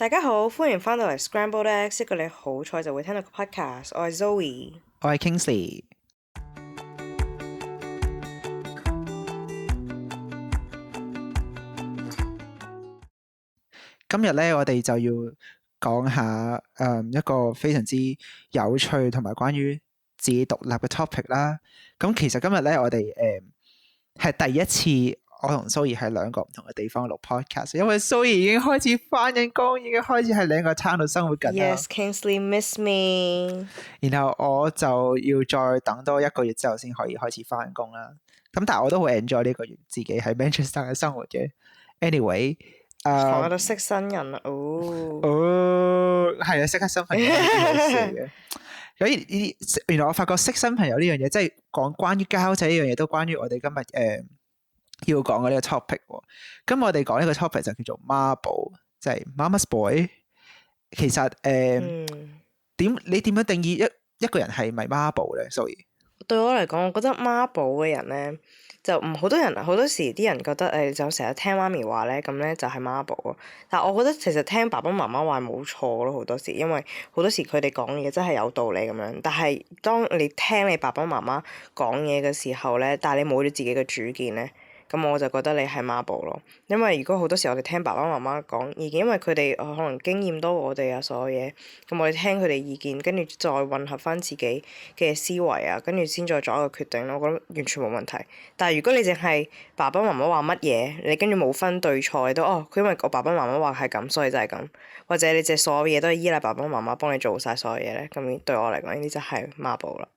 大家好，歡迎翻到嚟 Scrambled Eggs，一個你好彩就會聽到個 podcast。我係 Zoe，我係 Kingsley。今日咧，我哋就要講下誒、嗯、一個非常之有趣同埋關於自己獨立嘅 topic 啦。咁、嗯、其實今日咧，我哋誒係第一次。我同 Zoe 喺兩個唔同嘅地方錄 podcast，因為 Zoe 已經開始翻緊工，已經開始喺兩個餐廳生活緊。Yes, Kingsley miss me。然後我就要再等多一個月之後先可以開始翻工啦。咁但係我都好 enjoy 呢個月自己喺 Manchester 嘅生活嘅。Anyway，啊，我喺度識新人啦，哦哦，係啊，識下新朋友嘅。所以呢啲，原來我發覺識新朋友呢樣嘢，即係講關於交際呢樣嘢，都關於我哋今日誒。呃要講嘅呢個 topic，咁我哋講呢個 topic 就叫做媽寶，即係媽媽 boy。其實誒，點、呃嗯、你點樣定義一一個人係咪媽寶咧？sorry，對我嚟講，我覺得媽寶嘅人咧就唔好多人，好多時啲人覺得誒、呃、就成日聽媽咪話咧，咁咧就係媽寶咯。但係我覺得其實聽爸爸媽媽話冇錯咯，好多時因為好多時佢哋講嘢真係有道理咁樣。但係當你聽你爸爸媽媽講嘢嘅時候咧，但係你冇咗自己嘅主見咧。咁我就覺得你係媽寶咯，因為如果好多時候我哋聽爸爸媽媽講意見，因為佢哋可能經驗多我哋啊所有嘢，咁我哋聽佢哋意見，跟住再混合翻自己嘅思維啊，跟住先再做一個決定，我覺得完全冇問題。但係如果你淨係爸爸媽媽話乜嘢，你跟住冇分對錯，你都哦，佢因為我爸爸媽媽話係咁，所以就係咁。或者你淨係所有嘢都係依賴爸爸媽媽幫你做晒所有嘢咧，咁對我嚟講，呢啲就係媽寶啦。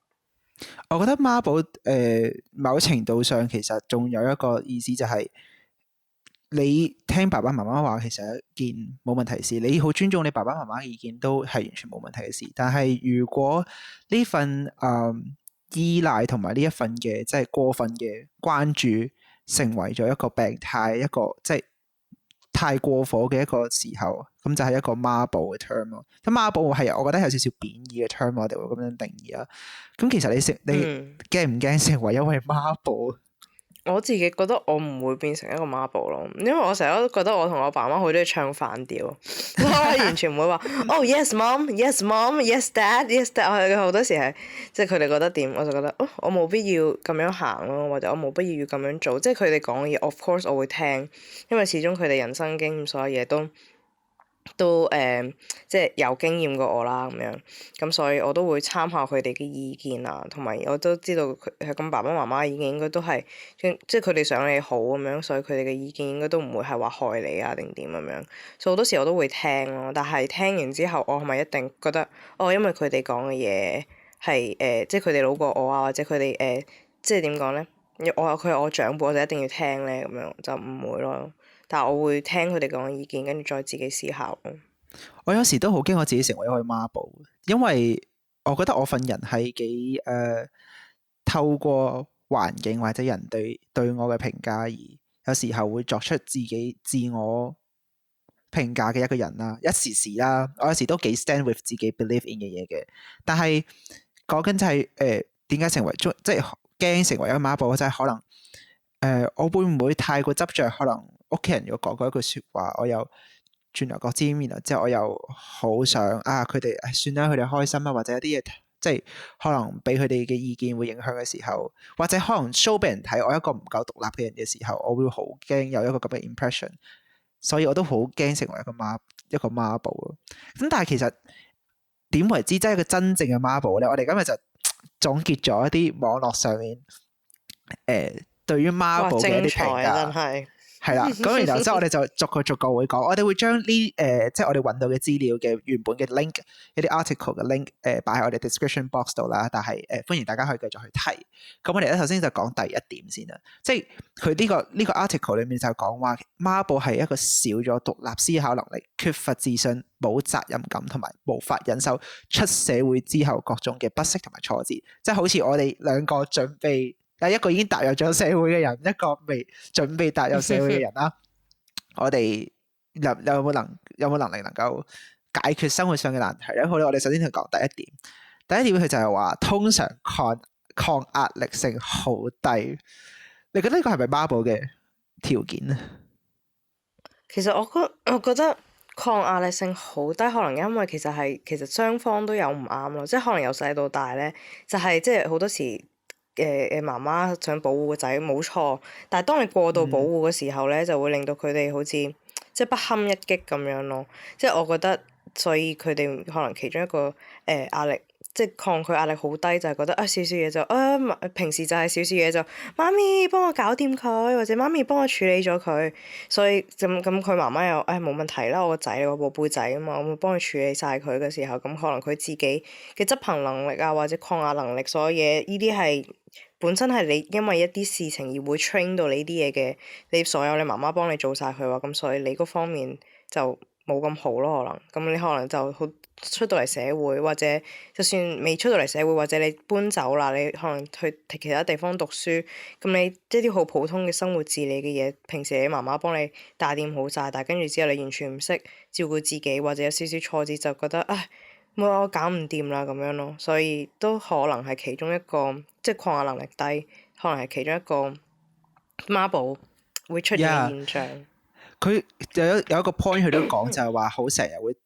我覺得媽寶誒，某程度上其實仲有一個意思就係、是，你聽爸爸媽媽話，其實係一件冇問題事，你好尊重你爸爸媽媽嘅意見都係完全冇問題嘅事。但係如果呢份誒、呃、依賴同埋呢一份嘅即係過分嘅關注，成為咗一個病態一個即係。太過火嘅一個時候，咁就係一個媽寶嘅 term 咯。咁媽寶係我覺得有少少貶義嘅 term，我哋會咁樣定義啊。咁其實你成，你驚唔驚成為一位媽寶？我自己覺得我唔會變成一個媽寶咯，因為我成日都覺得我同我爸媽好中意唱反調， 完全唔會話哦、oh, yes mom yes mom yes dad yes dad，我好多時係即係佢哋覺得點，我就覺得哦、oh, 我冇必要咁樣行咯，或者我冇必要要咁樣做，即係佢哋講嘢 of course 我會聽，因為始終佢哋人生經驗所有嘢都。都誒、呃，即係有經驗過我啦咁樣，咁、嗯、所以我都會參考佢哋嘅意見啊，同埋我都知道佢咁爸爸媽媽意見應該都係，即即係佢哋想你好咁樣，所以佢哋嘅意見應該都唔會係話害你啊定點咁樣，所以好、啊、多時我都會聽咯。但係聽完之後，我係咪一定覺得哦？因為佢哋講嘅嘢係誒，即係佢哋老過我啊，或者佢哋誒，即係點講咧？我佢係我長輩，我就一定要聽咧咁樣，就唔會咯。但我會聽佢哋講嘅意見，跟住再自己思考。我有時都好驚我自己成為一個媽寶，因為我覺得我份人係幾誒透過環境或者人對對我嘅評價而有時候會作出自己自我評價嘅一個人啦。一時時啦，我有時都幾 stand with 自己 believe in 嘅嘢嘅，但係講緊就係誒點解成為即係驚成為一個媽寶，就係可能誒、呃、我會唔會太過執着可能？屋企人如果講過一句說話，我又轉頭覺知，然之後我又好想啊，佢哋、哎、算啦，佢哋開心啊，或者有啲嘢，即係可能俾佢哋嘅意見會影響嘅時候，或者可能 show 俾人睇我一個唔夠獨立嘅人嘅時候，我會好驚有一個咁嘅 impression，所以我都好驚成為一個媽一個媽寶咯。咁但係其實點為之真係一個真正嘅媽寶咧？我哋今日就總結咗一啲網絡上面誒、呃，對於媽寶嘅一啲評價。係啦，咁的然後之後的我哋就逐個逐個會講，的我哋會將呢誒即係我哋揾到嘅資料嘅原本嘅 link，一啲 article 嘅 link 誒擺喺我哋 description box 度啦。但係誒、呃、歡迎大家可以繼續去睇。咁我哋咧首先就講第一點先啦，即係佢呢個呢、這個 article 裡面就講話，媽寶係一個少咗獨立思考能力、缺乏自信、冇責任感同埋無法忍受出社會之後各種嘅不適同埋挫折，即係好似我哋兩個準備。一個已經踏入咗社會嘅人，一個未準備踏入社會嘅人啦， 我哋有有冇能有冇能力能夠解決生活上嘅難題咧？好啦，我哋首先同佢講第一點，第一點佢就係話通常抗抗壓力性好低，你覺得呢個係咪媽寶嘅條件咧？其實我覺我覺得抗壓力性好低，可能因為其實係其實雙方都有唔啱咯，即係可能由細到大咧，就係、是、即係好多時。誒誒、呃，媽媽想保護個仔，冇錯。但係當你過度保護嘅時候咧，嗯、就會令到佢哋好似即係不堪一擊咁樣咯。即係我覺得，所以佢哋可能其中一個誒、呃、壓力。即係抗拒壓力好低，就係、是、覺得啊少少嘢就啊，平時就係少少嘢就，媽咪幫我搞掂佢，或者媽咪幫我處理咗佢。所以就咁，佢媽媽又唉，冇、哎、問題啦。我個仔我個寶貝仔啊嘛，我會幫佢處理晒佢嘅時候，咁可能佢自己嘅執行能力啊，或者抗壓能力所有嘢，呢啲係本身係你因為一啲事情而會 train 到你啲嘢嘅。你所有你媽媽幫你做晒佢喎，咁所以你嗰方面就～冇咁好咯，可能咁你可能就好出到嚟社會，或者就算未出到嚟社會，或者你搬走啦，你可能去其他地方讀書，咁你即啲好普通嘅生活自理嘅嘢，平時你媽媽幫你打點好晒。但係跟住之後你完全唔識照顧自己，或者有少少挫折就覺得唉，冇我搞唔掂啦咁樣咯，所以都可能係其中一個即係抗壓能力低，可能係其中一個媽寶會出現嘅現象。Yeah. 佢有有有一個 point，佢都講就係話，好成日會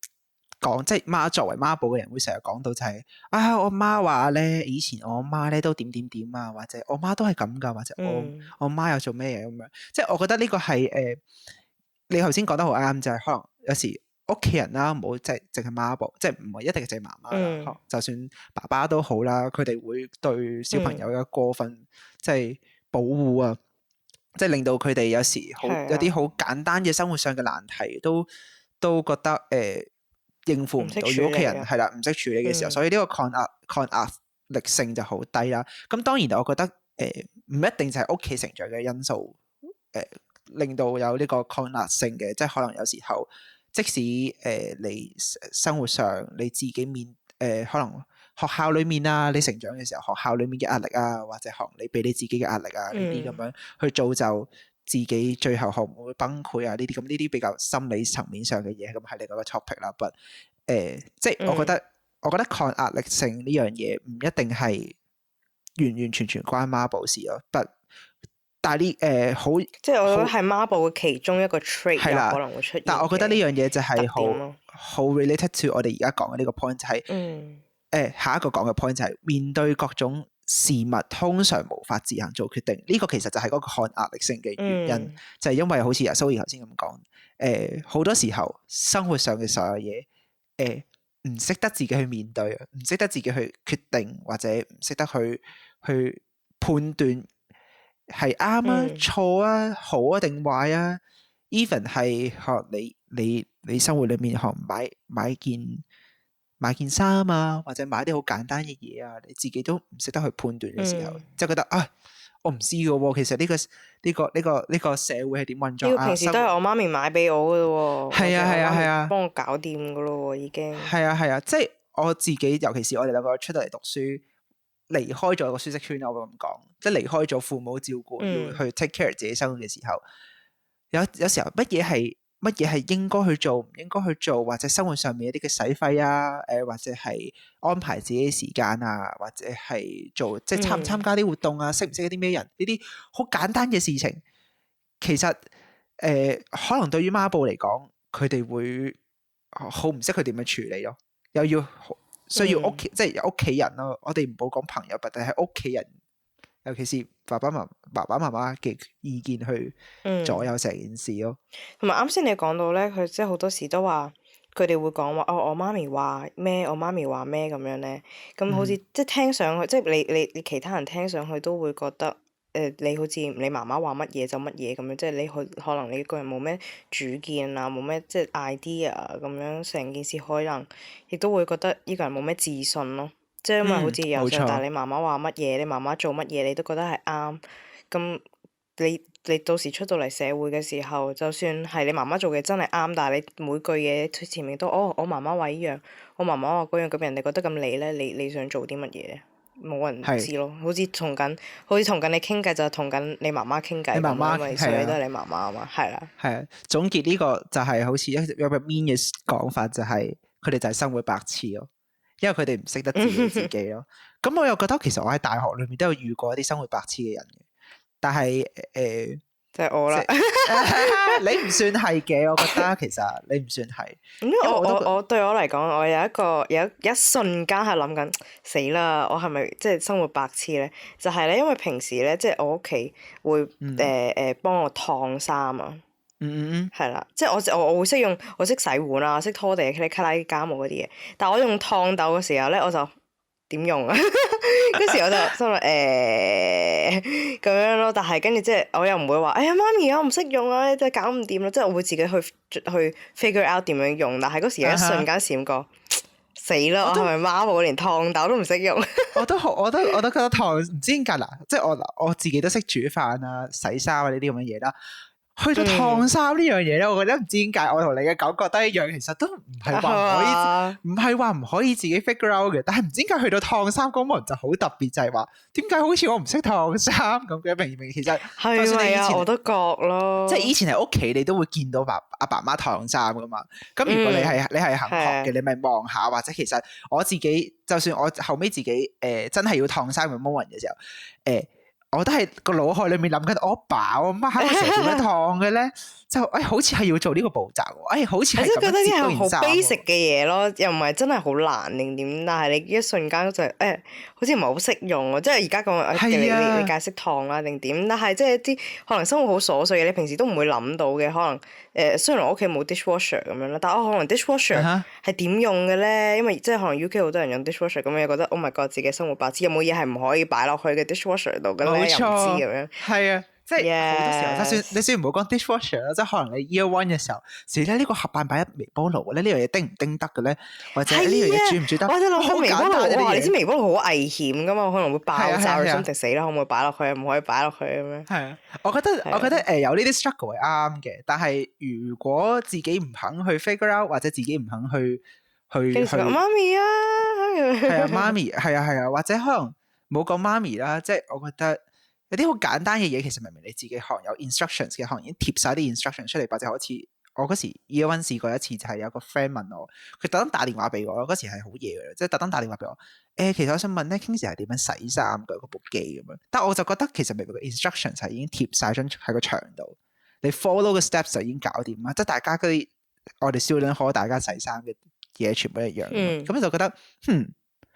講，即係媽作為媽寶嘅人會成日講到就係、是、啊，我媽話咧，以前我媽咧都點點點啊，或者我媽都係咁噶，或者我、哦、我媽又做咩嘢咁樣。嗯、即係我覺得呢個係誒、呃，你頭先講得好啱，就係、是、可能有時屋企人啦，冇即係淨係媽寶，即係唔係一定淨係媽媽，嗯、就算爸爸都好啦，佢哋會對小朋友有過分即係、嗯、保護啊。即係令到佢哋有時好有啲好簡單嘅生活上嘅難題，的都都覺得誒、呃、應付唔到，如果屋企人係啦，唔識處理嘅時候，嗯、所以呢個抗壓抗壓力性就好低啦。咁當然，我覺得誒唔、呃、一定就係屋企成長嘅因素誒、呃、令到有呢個抗壓性嘅，即係可能有時候即使誒、呃、你生活上你自己面誒、呃、可能。學校裏面啊，你成長嘅時候，學校裏面嘅壓力啊，或者學你俾你自己嘅壓力啊，呢啲咁樣、嗯、去造就自己，最後學會崩潰啊，呢啲咁呢啲比較心理層面上嘅嘢，咁係另一個 topic 啦。但誒、呃，即係我覺得，嗯、我覺得抗壓力性呢樣嘢唔一定係完完全全關媽寶事咯。但但係呢誒好，呃、即係我覺得係媽寶嘅其中一個 trait，的有可能會出。但我覺得呢樣嘢就係好好 related to 我哋而家講嘅呢個 point，就係嗯。嗯誒下一個講嘅 point 就係面對各種事物，通常無法自行做決定。呢、呢個其實就係嗰個抗壓力性嘅原因，嗯、就係因為好似阿 Zoe 頭先咁講，誒、呃、好多時候生活上嘅所有嘢，誒唔識得自己去面對，唔識得自己去決定，或者唔識得去去判斷係啱啊、嗯、錯啊、好啊定壞啊。Even 係可能你你你生活裡面可能買買件買件衫啊，或者買啲好簡單嘅嘢啊，你自己都唔識得去判斷嘅時候，嗯、就覺得啊，我唔知噶，其實呢、呢個呢、呢個呢、呢個呢、呢個社會係點運作啊。平時都係我媽咪買俾我噶咯，係啊係啊係啊，幫我，我搞掂噶咯，已經、啊。係啊係啊，即係我自己，尤其是我哋兩個出到嚟讀書，離開咗個舒適圈，我會咁講，即係離開咗父母照顧，要去 take care 自己生活嘅時候，有有時候乜嘢係？乜嘢係應該去做，唔應該去做，或者生活上面一啲嘅使費啊，誒、呃，或者係安排自己時間啊，或者係做即係參唔參加啲活動啊，識唔識一啲咩人，呢啲好簡單嘅事情，其實誒、呃，可能對於媽寶嚟講，佢哋會好唔識佢點樣處理咯，又要需要屋企，嗯、即係有屋企人咯，我哋唔好講朋友，但係屋企人。尤其是爸爸媽媽、媽爸爸媽媽嘅意見去左右成件事咯、哦。同埋啱先你講到咧，佢即係好多時都話佢哋會講話哦，我媽咪話咩，我媽咪話咩咁樣咧。咁好似、嗯、即係聽上去，即係你你你其他人聽上去都會覺得誒、呃，你好似你媽媽話乜嘢就乜嘢咁樣。即係你可可能你個人冇咩主見啊，冇咩即係 idea 咁樣，成件事可能亦都會覺得呢個人冇咩自信咯。即係、嗯、因為好似有媽媽，但係錯你媽媽話乜嘢，你媽媽做乜嘢，你都覺得係啱。咁你你到時出到嚟社會嘅時候，就算係你媽媽做嘅真係啱，但係你每句嘢出前面都哦，我媽媽話呢樣，我媽媽話嗰樣，咁人哋覺得咁你咧，你你想做啲乜嘢咧？冇人知咯是，好似同緊好似同緊你傾偈就係同緊你媽媽傾偈，因為所有都係你媽媽啊嘛，係啦。係啊，啊啊總結呢、這個就係好似一個一個 mean 嘅講法，就係佢哋就係生活白痴咯。因為佢哋唔識得照顧自己咯。咁、嗯、我又覺得其實我喺大學裏面都有遇過一啲生活白痴嘅人嘅，但係誒，呃、就係我啦。 你唔算係嘅，我覺得其實你唔算係。我我我對我嚟講，我有一個有一一瞬間係諗緊死啦，我係咪即係生活白痴咧？就係咧，因為平時咧即係我屋企會誒誒幫我燙衫啊。嗯嗯嗯，係啦、mm，即、hmm。係我我我會識用，我識洗碗啊，識拖地，咔啦卡拉家務嗰啲嘢。但係我用熨斗嘅時候咧，我就點用啊？嗰 時我就心諗誒咁樣咯。但係跟住即係我又唔會話，哎呀，媽咪，我唔識用啊，真係搞唔掂咯。即係我會自己去去 figure out 點樣用。但係嗰時有一瞬間閃過，uh huh。死啦！我係咪媽寶連熨斗都唔識用 我？我都學，我都我都覺得燙唔知點解啦。即係我我，我自己都識煮飯啊、洗衫啊呢啲咁嘅嘢啦。去到燙衫呢樣嘢咧，嗯、我覺得唔知點解，我同你嘅感覺都一樣，其實都唔係話可以，唔係話唔可以自己 figure out 嘅。但係唔知點解去到燙衫嗰幕就好特別，就係話點解好似我唔識燙衫咁嘅，明唔明？其實就算你以前是是、啊，我都覺咯。即係以前喺屋企，你都會見到爸阿爸媽燙衫噶嘛。咁如果你係、嗯、你係肯學嘅，的你咪望下，或者其實我自己，就算我後尾自己誒、呃、真係要燙衫嘅 moment 嘅時候誒。呃我都係個腦海裏面諗緊，我爸我媽會食點樣燙嘅咧？ 就誒、哎，好似係要做呢個步驟，誒、哎，好似係咁。我都覺得啲係好 basic 嘅嘢咯， 又唔係真係好難定點，但係你一瞬間就誒、是哎，好似唔係好識用，即係而家咁，我是、啊哎、你你解釋燙啦定點？但係即係啲可能生活好瑣碎嘅，你平時都唔會諗到嘅可能。誒雖然我屋企冇 dishwasher 咁樣啦，但我可能 dishwasher 係點用嘅咧？Uh huh. 因為即係可能 UK 好多人用 dishwasher，咁樣又覺得 oh my god 自己生活白痴，有冇嘢係唔可以擺落去嘅 dishwasher 度？嘅咧，冇錯。又唔知咁樣。係啊。即係好多時候，就算你雖然唔好講 dishwasher 啦，即係可能你 year one 嘅時候，是咧呢個盒飯擺喺微波爐咧，呢樣嘢叮唔叮得嘅咧，或者呢樣嘢煮唔煮得？我睇落微波爐，你知微波爐好危險噶嘛，可能會爆炸、生食死啦，可唔可以擺落去？唔可以擺落去嘅咩？係啊，我覺得我覺得誒有呢啲 struggle 係啱嘅，但係如果自己唔肯去 figure out，或者自己唔肯去去去媽咪啊，係啊媽咪，係啊係啊，或者可能冇講媽咪啦，即係我覺得。有啲好簡單嘅嘢，其實明明你自己學有 instructions 嘅，學已經貼晒啲 instructions 出嚟，或者好似我嗰時二一 one 試過一次，就係、是、有個 friend 問我，佢特登打電話俾我咯，嗰時係好夜嘅，即係特登打電話俾我。誒，其實我想問咧，King 氏係點樣洗衫嘅嗰部機咁樣？但我就覺得其實明明 instructions 係已經貼晒張喺個牆度，你 follow 嘅 steps 就已經搞掂啦。即係大家嗰啲，我哋少長可大家洗衫嘅嘢全部一樣，咁你、嗯、就覺得，哼、嗯。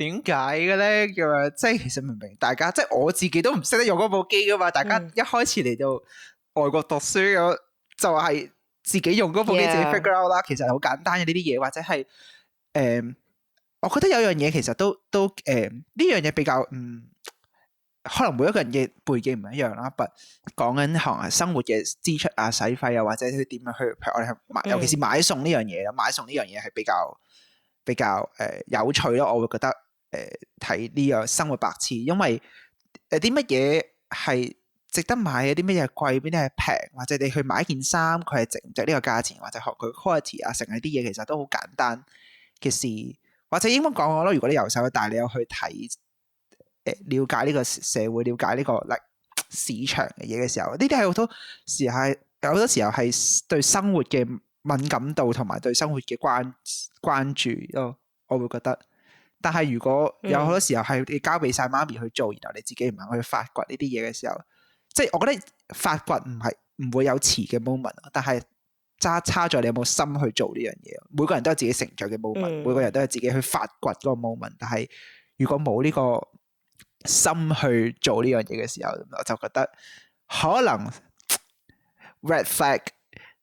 點解嘅咧？叫話即係其實明唔明？大家即係我自己都唔識得用嗰部機噶嘛。大家一開始嚟到外國讀書咁，嗯、就係自己用嗰部機 Yeah. 自己 figure out 啦。其實好簡單嘅呢啲嘢，或者係誒、呃，我覺得有樣嘢其實都都誒呢、呃、樣嘢比較嗯，可能每一個人嘅背景唔一樣啦。但係講緊行生活嘅支出啊、使費啊，或者佢點樣去買，尤其是買餸呢樣嘢咯。買餸呢樣嘢係比較比較誒、呃、有趣咯。我會覺得。誒，睇呢個生活白痴，因為誒啲乜嘢係值得買，有啲乜嘢係貴，邊啲係平，或者你去買件衫，佢係值唔值呢個價錢，或者學佢 quality 啊，成日啲嘢，其實都好簡單嘅事。或者英文講我咯，如果你由細到大，你有去睇誒、呃、了解呢個社會，了解呢、這個嗱市場嘅嘢嘅時候，呢啲係好多時候，有好多時候係對生活嘅敏感度同埋對生活嘅關關注咯、呃，我會覺得。但係如果有好多時候係你交俾晒媽咪去做，然後你自己唔肯去發掘呢啲嘢嘅時候，即係我覺得發掘唔係唔會有遲嘅 moment，但係差差在你有冇心去做呢樣嘢。每個人都有自己成長嘅 moment，每個人都有自己去發掘嗰個 moment。但係如果冇呢個心去做呢樣嘢嘅時候，我就覺得可能 red flag，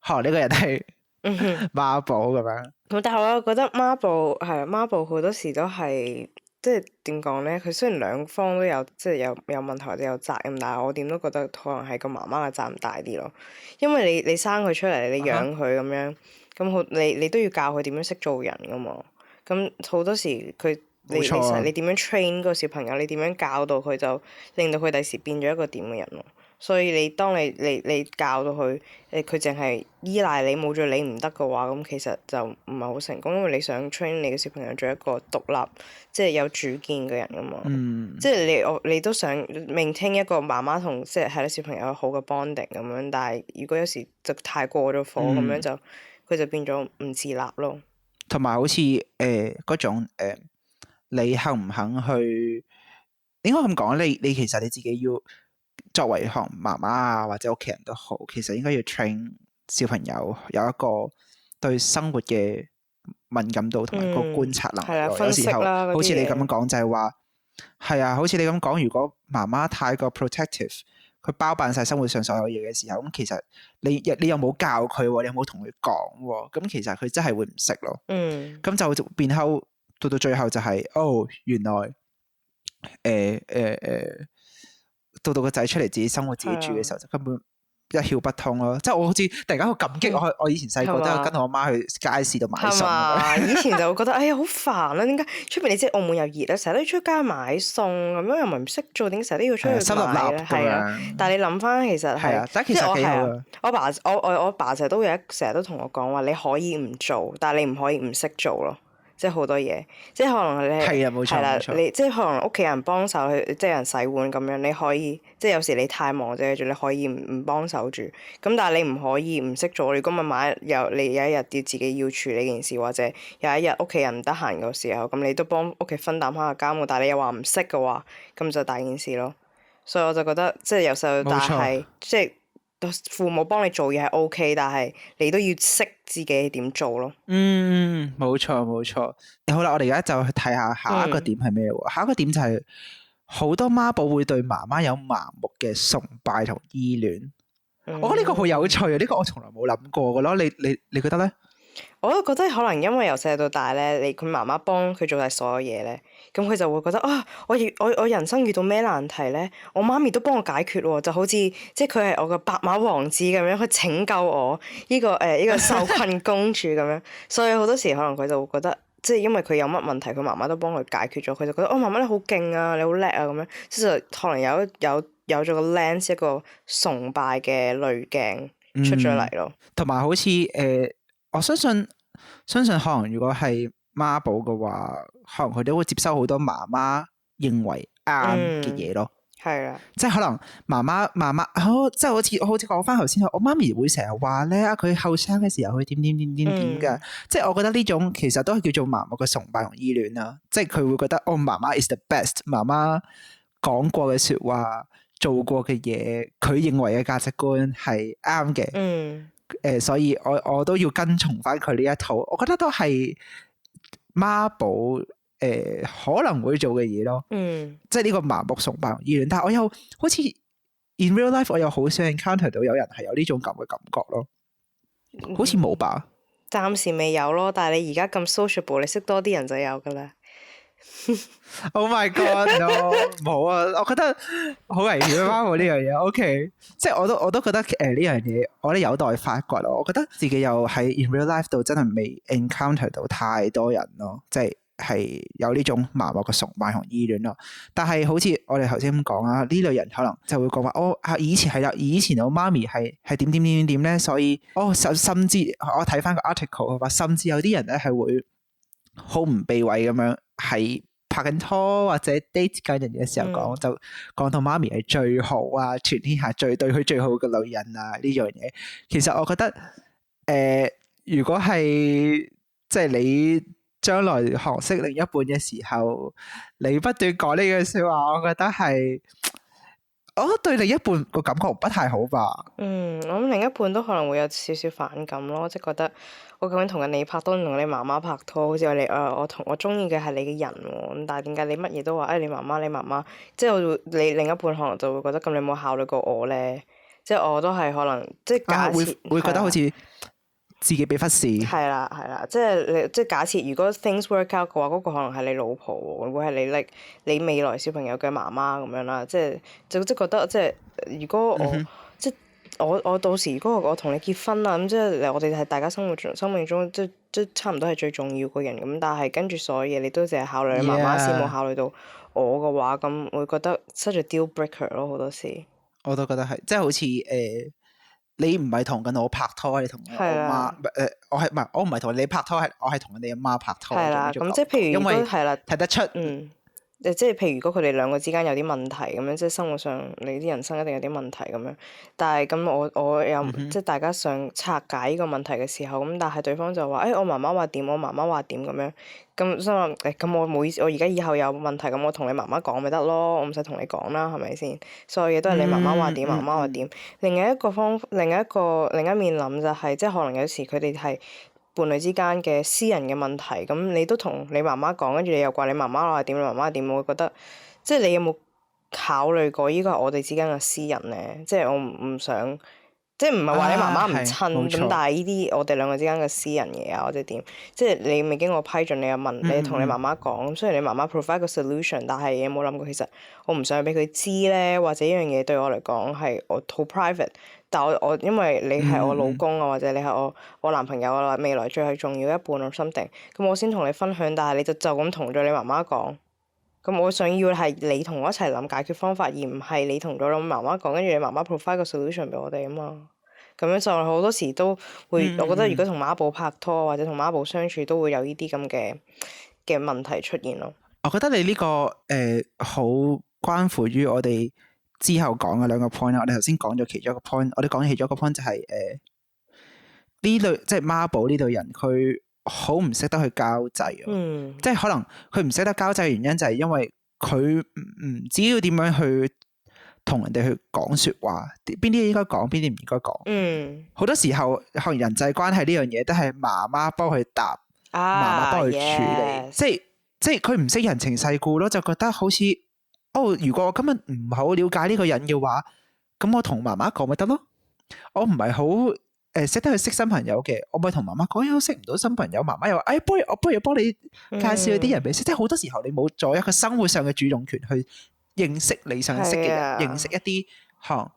可能呢個人係。嗯哼，媽寶咁樣，咁但係我又覺得媽寶係媽寶好多時都係，即係點講咧？佢雖然兩方都有，即係有有問題或者有責任，但係我點都覺得可能係個媽媽嘅責任大啲咯。因為你你生佢出嚟，你養佢咁樣，咁好、啊、你你都要教佢點樣識做人噶嘛。咁好多時佢，冇錯，你點樣 train 個小朋友？你點樣教到佢就令到佢第時變咗一個點嘅人咯。所以你當你你你教到佢，誒佢淨係依賴你，冇咗你唔得嘅話，咁其實就唔係好成功，因為你想 train 你嘅小朋友做一個獨立，即、就、係、是、有主見嘅人噶嘛。嗯、即係你我你都想 maintain 一個媽媽同即係係啦小朋友好嘅 bonding 咁樣，但係如果有時就太過咗火咁、嗯、樣就，佢就變咗唔自立咯。同埋、嗯嗯、好似誒嗰種誒、呃，你肯唔肯去？應該咁講，你你其實你自己要。作為學媽媽啊，或者屋企人都好，其實應該要 train 小朋友有一個對生活嘅敏感度同埋個觀察能力。嗯、有時候好似你咁樣講就係話，係啊，好似你咁講，如果媽媽太過 protective，佢包辦晒生活上所有嘢嘅時候，咁其實你你又冇教佢，你又冇同佢講，咁其實佢真係會唔識咯。嗯，咁就變後到到最後就係、是，哦，原來誒誒誒。欸欸欸到到個仔出嚟自己生活自己住嘅時候，就、啊、根本一竅不通咯、啊。即係我好似突然間好感激我，啊、我以前細個都係跟住我媽去街市度買餸、啊。 以前就會覺得 哎呀好煩啊，點解出邊你知澳門又熱啦，成日都要出街買餸咁樣，又唔係唔識做，點解成日都要出去買。新、啊、立係啊，啊，但係你諗翻其實係，即、啊、其實幾好、啊、我爸我我我，我爸成日都有成日都同我講話，你可以唔做，但係你唔可以唔識做咯。即係好多嘢，即係可能你係啦，你即係可能屋企人幫手，即係人洗碗咁樣，你可以即係有時你太忙啫，你可以唔唔幫手住。咁但係你唔可以唔識做。如果唔係萬一有你有一日要自己要處理件事，或者有一日屋企人唔得閒嘅時候，咁你都幫屋企分擔下家務。但係你又話唔識嘅話，咁就大件事咯。所以我就覺得即係由細到大係錯即係。.父母幫你做嘢係 OK，但係你都要識自己點做咯。嗯，冇錯冇錯。好啦，我哋而家就去睇下下一個點係咩？嗯、下一個點就係、是、好多媽寶會對媽媽有盲目嘅崇拜同依戀。嗯、我覺得呢個好有趣啊！呢、這個我從來冇諗過噶咯。你你你覺得咧？我都覺得可能因為由細到大咧，你佢媽媽幫佢做晒所有嘢咧，咁佢就會覺得啊，我遇我我人生遇到咩難題咧，我媽咪都幫我解決喎，就好似即係佢係我個白馬王子咁樣，佢拯救我呢、呢個誒呢、呃呢個受困公主咁樣。所以好多時可能佢就會覺得，即係因為佢有乜問題，佢媽媽都幫佢解決咗，佢就覺得哦，媽媽你好勁啊，你好叻啊咁樣。其就可能有有有咗個 lens 一個崇拜嘅濾鏡出咗嚟咯。同埋、嗯、好似誒。呃我相信，相信可能如果係媽寶嘅話，可能佢都會接收好多媽媽認為啱嘅嘢咯。係啦、嗯，即係可能媽媽媽媽，好即係好似好似講翻頭先，我媽咪會成日話咧，佢後生嘅時候佢點點點點點嘅。嗯、即係我覺得呢種其實都係叫做盲目嘅崇拜同依戀啦。即係佢會覺得我媽媽 is the best，媽媽講過嘅說話、做過嘅嘢、佢認為嘅價值觀係啱嘅。嗯。誒、呃，所以我我都要跟從翻佢呢一套，我覺得都係媽寶，誒、呃、可能會做嘅嘢咯。嗯，即係呢個盲目崇拜依戀，但係我又好似 in real life，我又好想 encounter 到有人係有呢種咁嘅感覺咯。好似冇吧？暫時未有咯，但係你而家咁 sociable，e 你識多啲人就有噶啦。Oh my God！冇、no, 啊，我覺得好危險啊，呢樣嘢。OK，即係我都我都覺得誒呢樣嘢，我都有待發掘咯。我覺得自己又喺 real life 度真係未 encounter 到太多人咯，即係係有呢種麻木嘅崇拜同依戀咯。但係好似我哋頭先咁講啊，呢類人可能就會講話，我啊以前係啦，以前我媽咪係係點點點點點咧，所以我甚、哦、甚至我睇翻個 article 話，甚至有啲人咧係會。好唔避諱咁樣喺拍緊拖或者 date 嗰人嘅時候講，嗯、就講到媽咪係最好啊，全天下最對佢最好嘅女人啊呢樣嘢。其實我覺得，誒、呃，如果係即係你將來學識另一半嘅時候，你不斷講呢句說話，我覺得係我覺得對另一半個感覺不太好吧。嗯，咁另一半都可能會有少少反感咯，即係覺得。我咁樣同緊你拍拖，同你媽媽拍拖，好似話你誒、呃，我同我中意嘅係你嘅人喎。但係點解你乜嘢都話誒、哎、你媽媽，你媽媽，即係會你另一半可能就會覺得咁你冇考慮過我咧？即係我都係可能即係假設、啊、會，會覺得好似啦自己被忽視。」係啦，係啦，即係你即係假設如果 things work out 嘅話，嗰個可能係你老婆，會係你 like，你未來小朋友嘅媽媽咁樣啦。即係總之覺得即係如果我。嗯我我到時如果我同你結婚啦，咁即係我哋係大家生活中生命中即即差唔多係最重要個人咁，但係跟住所有嘢你都淨係考慮你 Yeah. 媽媽先，冇考慮到我嘅話，咁會覺得 such a deal breaker 咯，好多時。我都覺得係，即係好似誒、呃，你唔係同緊我拍拖，你同我媽，唔誒的、呃，我係唔係我唔係同你拍拖，係我係同你阿媽拍拖。係啦的，咁即係譬如，因為係啦，睇得出。嗯即係譬如，如果佢哋兩個之間有啲問題咁樣，即係生活上你啲人生一定有啲問題咁樣，但係咁我我又、嗯、哼即係大家想拆解呢個問題嘅時候，咁但係對方就話，誒我媽媽話點，我媽媽話點咁樣，咁心諗咁我冇意思，我而家以後有問題咁我同你媽媽講咪得咯，我唔使同你講啦，係咪先？所有嘢都係你媽媽話點，媽媽話點。另一個方，另一個另一面諗就係、是，即係可能有時佢哋係。伴侶之間嘅私人嘅問題，咁你都同你媽媽講，跟住你又怪你媽媽我係點，你媽媽係點，我會覺得即係你有冇考慮過呢個係我哋之間嘅私人咧，即係我唔唔想。即係唔係話你媽媽唔襯咁，啊、但係呢啲我哋兩個之間嘅私人嘢啊，或者點，即係你未經過批准，你又問你同你媽媽講，嗯嗯雖然你媽媽 provide 個 solution，但係有冇諗過其實我唔想俾佢知咧，或者呢樣嘢對我嚟講係我好 private，但係我我因為你係我老公啊，或者你係我嗯嗯我男朋友啊，未來最係重要一半啊，心定咁我先同你分享，但係你就就咁同咗你媽媽講。咁我想要係你同我一齊諗解決方法，而唔係你同咗你媽媽講，跟住你媽媽 provide 個 solution 俾我哋啊嘛。咁樣就好多時都會，我覺得如果同媽寶拍拖或者同媽寶相處都會有呢啲咁嘅嘅問題出現咯。我覺得你呢、呢個誒好、呃、關乎於我哋之後講嘅兩個 point。我哋頭先講咗其中一個 point，我哋講咗其中一個 point 就係誒呢類即係媽寶呢類人佢。好唔識得去交際，啊，嗯、即係可能佢唔識得交際嘅原因就係因為佢唔知要點樣去同人哋去講說話，邊啲應該講邊啲唔應該講。嗯，好多時候學人際關係呢樣嘢，都係媽媽幫佢答，媽媽幫佢處理，啊 yes、即係即係佢唔識人情世故咯，就覺得好似哦，如果我今日唔好了解呢個人嘅話，咁我同媽媽講咪得咯，我唔係好。誒，識得去識新朋友嘅，我咪同媽媽講，又識唔到新朋友。媽媽又話，哎，不如我不如幫你介紹一啲人俾你，即係好多時候你冇咗一個生活上嘅主動權去認識你想識嘅人，認識一啲可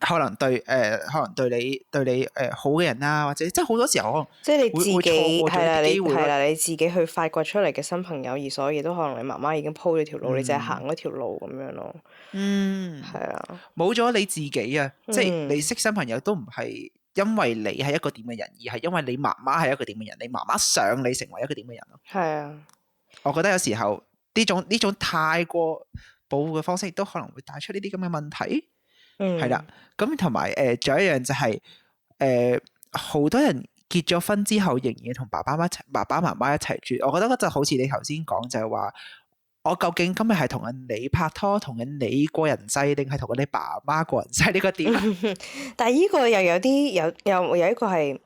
可能對誒，可能對你對你誒好嘅人啊，或者即係好多時候可能即係你自己係啦，係啦，你自己去發掘出嚟嘅新朋友，而所以都可能你媽媽已經鋪咗條路，你就行嗰條路咁樣咯。嗯，係啊，冇咗你自己啊，即係你識新朋友都唔係。因為你係一個點嘅人，而係因為你媽媽係一個點嘅人，你媽媽想你成為一個點嘅人咯。係啊，我覺得有時候呢種呢種太過保護嘅方式，都可能會帶出呢啲咁嘅問題。嗯，係啦，咁同埋誒，仲有一樣就係誒，好多人結咗婚之後仍然同爸爸媽媽一齊，爸爸媽媽一齊住。我覺得嗰就好似你頭先講就係話。我究竟今日係同緊你拍拖，同緊你過人世，定係同緊你爸媽過人世呢個點？ 但係呢個又有啲有有有一個係。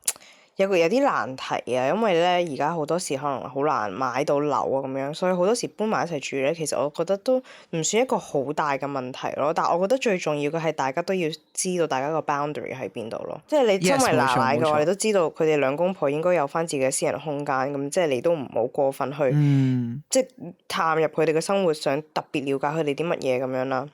有個有啲難題啊，因為咧而家好多時可能好難買到樓啊，咁樣，所以好多時搬埋一齊住咧，其實我覺得都唔算一個好大嘅問題咯。但係我覺得最重要嘅係大家都要知道大家個 boundary 喺邊度咯。即係你身為奶奶嘅話，yes, 你都知道佢哋兩公婆應該有翻自己嘅私人空間咁，即係你都唔好過分去，嗯、即係探入佢哋嘅生活，想特別了解佢哋啲乜嘢咁樣啦。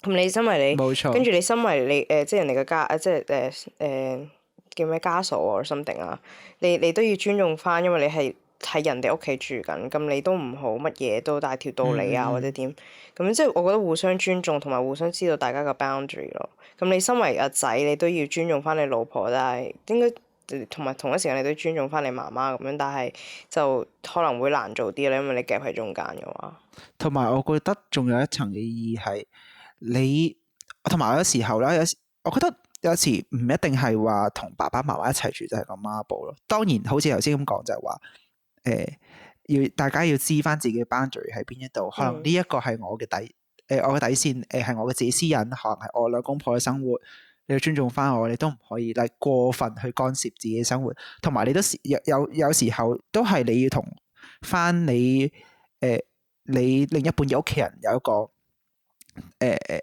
咁你身為你，冇錯，跟住你身為你誒、呃，即係人哋嘅家，啊、即係誒誒。呃呃叫咩家嫂啊？心定啊，你你都要尊重翻，因為你係喺人哋屋企住緊，咁你都唔好乜嘢都帶條道理啊，嗯、或者點，咁即係我覺得互相尊重同埋互相知道大家嘅 boundary 咯。咁你身為阿仔，你都要尊重翻你老婆，但係應該同埋同一時間你都要尊重翻你媽媽咁樣，但係就可能會難做啲啦，因為你夾喺中間嘅話。同埋我，我，我覺得仲有一層嘅意義，你同埋有時候咧，有我覺得。有一次唔一定係話同爸爸媽媽一齊住就係個媽寶咯，當然好似頭先咁講就係話，誒、呃、要大家要知翻自己嘅邊界喺邊一度，可能呢一個係我嘅底，誒、呃、我嘅底線，誒、呃、係我嘅自己私隱，可能係我兩公婆嘅生活，你要尊重翻我，你都唔可以嚟過分去干涉自己嘅生活，同埋你都有有時候都係你要同翻你誒、呃、你另一半嘅屋企人有一個誒。呃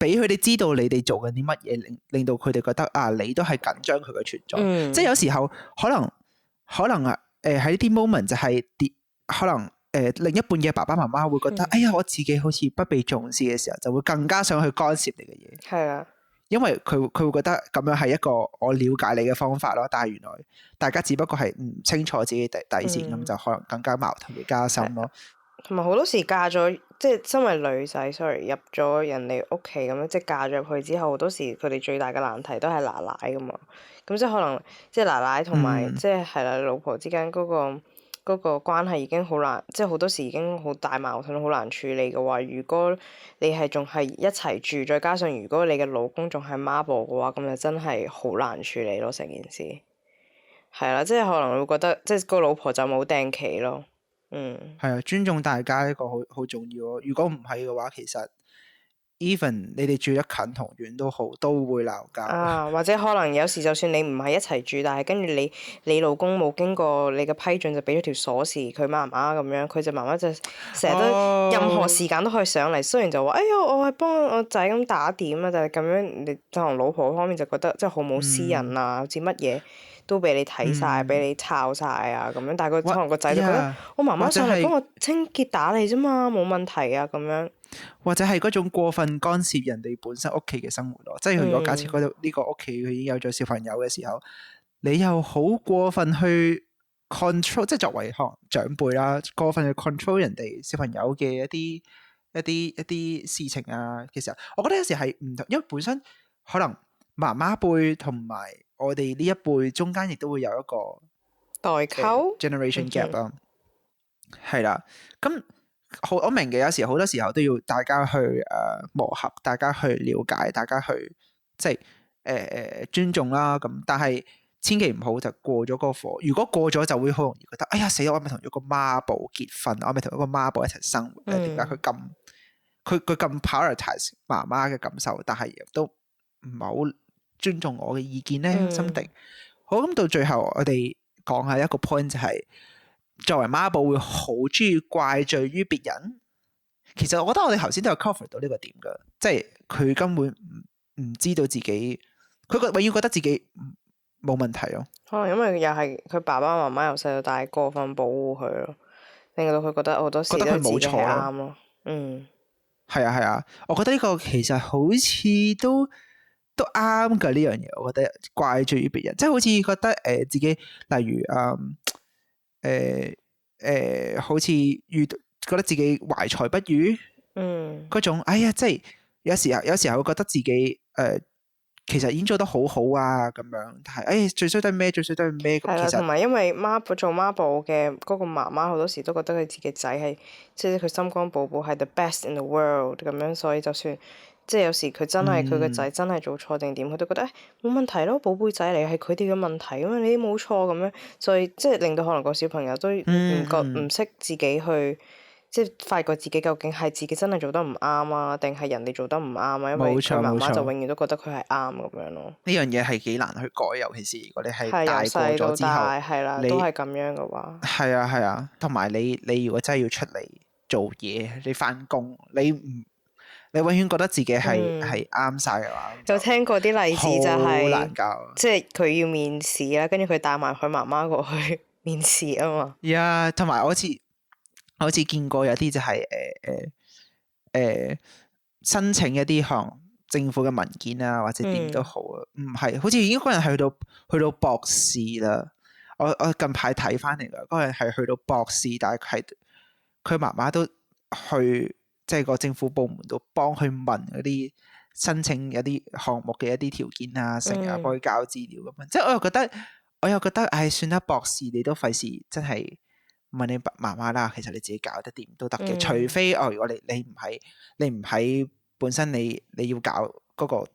俾佢哋知道你哋做緊啲乜嘢，令令到佢哋覺得啊，你都係緊張佢嘅存在。嗯、即係有時候可能可能啊，誒喺啲 moment 就係、是、可能誒、呃、另一半嘅爸爸媽媽會覺得，嗯、哎呀我自己好似不被重視嘅時候，就會更加想去干涉你嘅嘢。係啊的，因為佢佢會覺得咁樣係一個我了解你嘅方法咯。但係原來大家只不過係唔清楚自己底底線，咁、嗯嗯、就可能更加矛盾，更加深咯。同埋好多時嫁咗，即係身為女仔，sorry 入咗人哋屋企咁樣，即係嫁咗入去之後，好多時佢哋最大嘅難題都係奶奶㗎嘛。咁即係可能，即係奶奶同埋即係係啦，老婆之間嗰個嗰個關係已經好難，即係好多時已經好大矛盾，好難處理嘅話，如果你係仲係一齊住，再加上如果你嘅老公仲係媽寶嘅話，咁就真係好難處理咯，成件事。係啦，即係可能會覺得，即係個老婆就冇定企咯。嗯，係啊，尊重大家呢個好好重要咯。如果唔係嘅話，其實 even 你哋住得近同遠都好，都會鬧交啊。或者可能有時就算你唔係一齊住，但係跟住你你老公冇經過你嘅批准就俾咗條鎖匙佢媽媽咁樣，佢就媽媽就成日都任何時間都可以上嚟。哦、雖然就話哎呀，我係幫我仔咁打點啊，但係咁樣你就同老婆方面就覺得即係、就是、好冇私隱啊，好似乜嘢，都俾你睇晒，俾、嗯、你抄晒啊咁樣。但係佢或可能個仔都覺得，我媽媽上嚟幫我清潔打理啫嘛，冇問題啊咁樣。或者係嗰種過分干涉人哋本身屋企嘅生活咯。即係如果假設度呢個屋企佢已經有咗小朋友嘅時候，嗯、你又好過分去 control，即係作為長輩啦，過分去 control 人哋小朋友嘅一啲一啲一啲事情啊嘅時候，我覺得有時係唔同，因為本身可能媽媽輩同埋。我哋呢一輩中間亦都會有一個代溝、啊、generation gap 啦 Okay.，係啦。咁好，我明嘅有時好多時候都要大家去誒、呃、磨合，大家去了解，大家去即係誒誒尊重啦。咁但係千祈唔好就過咗嗰個火。如果過咗就會好容易覺得，哎呀死咗我咪同咗個媽寶結婚，我咪同一個媽寶一齊生活。點解佢、嗯、咁佢佢咁 prioritize 媽媽嘅感受？但係亦都唔好。尊重我嘅意見咧，心定。嗯、好，咁到最後，我哋講下一個 point 就係、是，作為媽寶會好中意怪罪於別人。其實我覺得我哋頭先都有 cover 到呢個點噶，即係佢根本唔唔知道自己，佢覺永遠覺得自己冇問題咯、啊。可能因為又係佢爸爸媽媽由細到大過分保護佢咯，令到佢覺得好多時都自己係啱咯。嗯，係啊係啊，啊，我覺得呢個其實好似都～都啱噶呢樣嘢，我覺得怪罪於別人，即係好似覺得誒、呃、自己，例如誒誒、呃呃，好似遇覺得自己懷才不遇，嗯，嗰種哎呀，即係有時候有時候會覺得自己誒、呃，其實已經做得好好啊，咁樣，但係誒最衰都係咩？最衰都係咩？其實、嗯，同埋因為媽做媽寶嘅嗰個媽媽，好多時都覺得佢自己仔係即係佢心肝寶寶係 the best in the world 咁樣，所以就算。即係有時佢真係佢個仔真係做錯定點，佢都覺得誒冇問題咯，寶貝仔嚟係佢哋嘅問題咁樣，你冇錯咁樣，所以即係令到可能個小朋友都唔覺唔識、嗯、自己去，即係發覺自己究竟係自己真係做得唔啱啊，定係人哋做得唔啱啊？因為佢媽媽就永遠都覺得佢係啱咁樣咯。呢樣嘢係幾難去改，尤其是如果你係由細到大，係啦你，都係咁樣嘅話。係啊係啊，同埋你你如果真係要出嚟做嘢，你返工，你唔～你永遠覺得自己係係啱晒嘅話，就聽過啲例子就係、好難搞，即係佢要面試啊，跟住佢帶埋佢媽媽過去面試啊嘛。而同埋我好似，我好似見過有啲就係誒誒誒申請一啲項政府嘅文件啊，或者點都好啊。唔係、嗯，好似已經嗰人去到去到博士啦。我我近排睇翻嚟嘅嗰人係去到博士，但係佢媽媽都去。即係個政府部門都幫佢問嗰啲申請有啲項目嘅一啲條件啊，成日幫佢搞資料咁、啊、樣，即係我又覺得我又覺得唉、哎，算啦，博士你都費事，真係問你媽媽啦，其實你自己搞得掂都得嘅，嗯、除非哦，如果你你唔喺你唔喺本身你你要搞嗰、那個。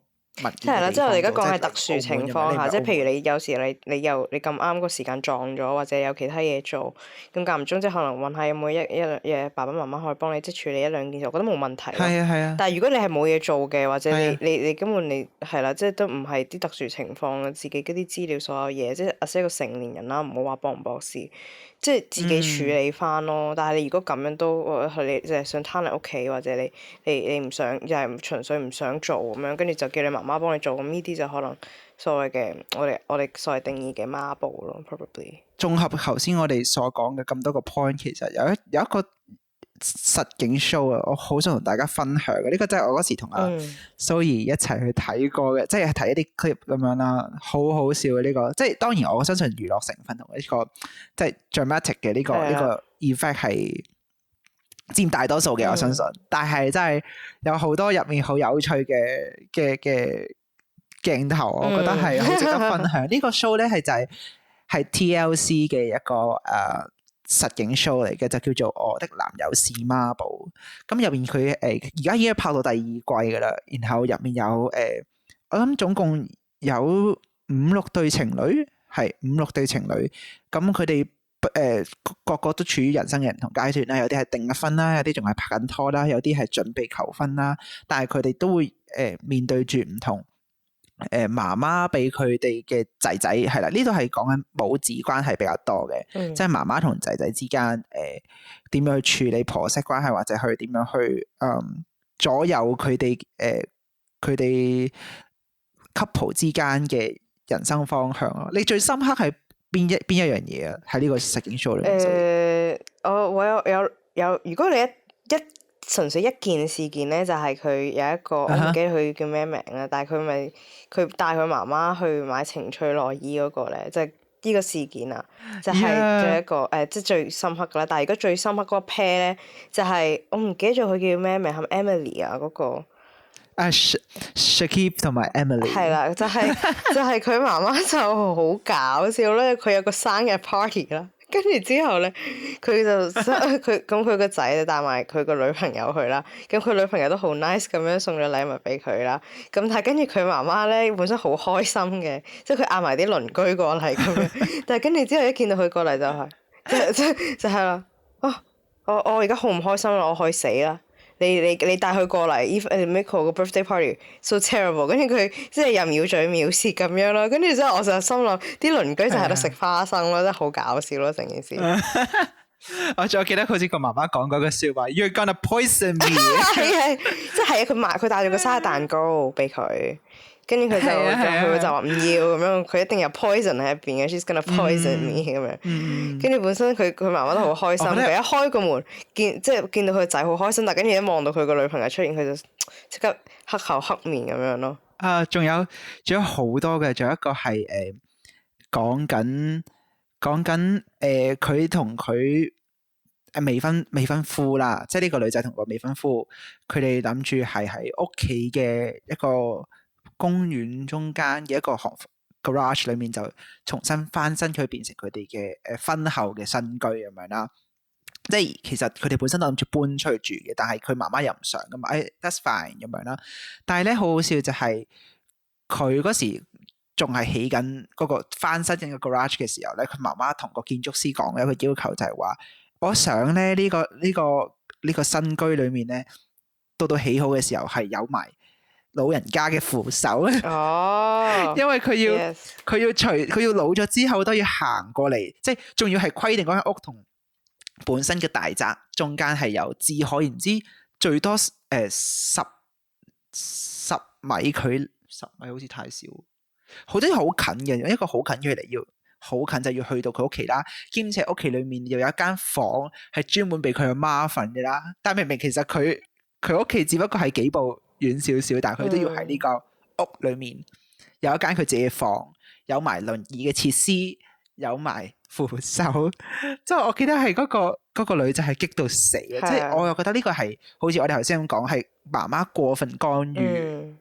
即係啦，即係我哋而家講係特殊情況下，即係譬如你有時你你又你咁啱個時間撞咗，或者有其他嘢做，咁間唔中即係可能問下有冇一一兩嘢，爸爸媽媽可以幫你即係處理一兩件事，我覺得冇問題。係啊係啊！啊但係如果你係冇嘢做嘅，或者你、啊、你你根本你係啦、啊，即係都唔係啲特殊情況，自己嗰啲資料所有嘢，即係阿 s i 個成年人啦，唔好話博唔博士。即係自己處理翻咯，嗯、但係你如果咁樣都，佢你就係想攤嚟屋企，或者你你你唔想，就係、又係、純粹唔想做咁樣，跟住就叫你媽媽幫你做，咁呢啲就可能所謂嘅我哋我哋所謂定義嘅媽寶咯，probably。綜合頭先我哋所講嘅咁多個 point，其實有一有一個。實景 show 啊，我好想同大家分享嘅呢個真係我嗰時同阿 Zoe 一齊去睇過嘅，嗯、即係睇一啲 clip 咁樣啦，好好笑嘅呢、呢個，即係當然我相信娛樂成分同一、呢個即係 dramatic 嘅呢個呢、嗯、個 effect 係佔大多數嘅，嗯、我相信。但係真係有好多入面好有趣嘅嘅嘅鏡頭，我覺得係好值得分享。呢、嗯、 個 show 咧係就係、係、係 TLC 嘅一個誒。呃實境 show 嚟嘅就叫做《我的男友是媽寶》，咁入面佢誒而家已經拍到第二季噶啦，然後入面有誒、呃，我諗總共有五六對情侶，係五六對情侶，咁佢哋誒個個都處於人生嘅唔同階段啦，有啲係定咗婚啦，有啲仲係拍緊拖啦，有啲係準備求婚啦，但係佢哋都會誒、呃、面對住唔同。誒，媽媽俾佢哋嘅仔仔係啦，呢度係講緊母子關係比較多嘅，嗯、即係媽媽同仔仔之間，誒、呃，點樣處理婆媳關係，或者去點樣去嗯左右佢哋誒佢哋 couple 之間嘅人生方向咯。你最深刻係邊一邊一樣嘢啊？喺呢個實景 show 裏誒、呃，我我有有有，如果你一一。純粹一件事件咧，就係、是、佢有一個我唔記得佢叫咩名啦，uh huh. 但係佢咪佢帶佢媽媽去買情趣內衣嗰個咧，即係呢個事件啊，就係、是、最一個誒，即係 Yeah.、呃就是、最深刻嘅啦。但係如果最深刻嗰個 pair 咧，就係、是、我唔記得咗佢叫咩名，係 Emily 啊嗰、那個。Shekeb 同埋 Emily。係啦，就係、是、就係、是、佢媽媽就好搞笑咧，佢有個生日 party 啦。跟住之後咧，佢就佢咁佢個仔就帶埋佢個女朋友去啦。咁佢女朋友都好 nice 咁樣送咗禮物俾佢啦。咁但係跟住佢媽媽咧，本身好開心嘅，即係佢嗌埋啲鄰居過嚟咁樣。但係跟住之後一見到佢過嚟就係、即係 即係，就係、係、啦。啊、就係！我我而家好唔開心啦！我可以死啦～你你你帶佢過嚟，if Michael 個 birthday party so terrible，跟住佢即係又藐嘴藐舌咁樣咯，跟住之後我就心諗啲鄰居就喺度食花生咯，哎、呀 真係好搞笑咯成件事。 我仲記得好似個媽媽講過個笑話，you're gonna poison me， 即係啊，佢買佢帶咗個生日蛋糕俾佢。哎呀 跟住佢就佢、啊、就話唔要咁樣，佢 一定有 poison 喺入邊嘅，She's gonna poison me 咁樣，嗯。跟住本身佢佢媽媽都好開心佢覺一開個門見即係見，見到佢仔好開心，但跟住一望到佢個女朋友出現，佢就即刻黑口黑面咁樣咯。啊、呃，仲有仲有好多嘅，仲有一個係誒講緊講緊誒佢同佢未婚未婚夫啦，即係呢、這個女仔同個未婚夫，佢哋諗住係喺屋企嘅一個。公園中間嘅一個倉 garage 裏面就重新翻新佢變成佢哋嘅誒婚後嘅新居咁樣啦，即係其實佢哋本身諗住搬出去住嘅，但係佢媽媽又唔想噶嘛。哎，that's fine 咁樣啦。但係咧，好好笑就係佢嗰時仲係起緊嗰個翻新整嘅 garage 嘅時候咧，佢媽媽同個建築師講嘅一個要求就係話，我想咧呢個呢個呢個新居裏面咧，到到起好嘅時候係有埋。老人家嘅扶手咧，哦，因為佢要佢 Yes. 要除佢要老咗之後都要行過嚟，即係仲要係規定嗰間屋同本身嘅大宅中間係有至可言之最多誒、呃、十十米佢十米好似太少，好多好近嘅一個好近嘅嚟要好近就要，要去到佢屋企啦，兼且屋企裏面又有一間房係專門俾佢阿媽瞓嘅啦，但明明其實佢佢屋企只不過係幾步。遠少少，但係佢都要喺呢個屋裏面、嗯、有一間佢自己嘅房，有埋輪椅嘅設施，有埋扶手，即 係我記得係嗰、嗰個、嗰個女仔係激到死嘅，即係是的 我又覺得呢個係好似我哋頭先咁講，係媽媽過分干預。嗯嗯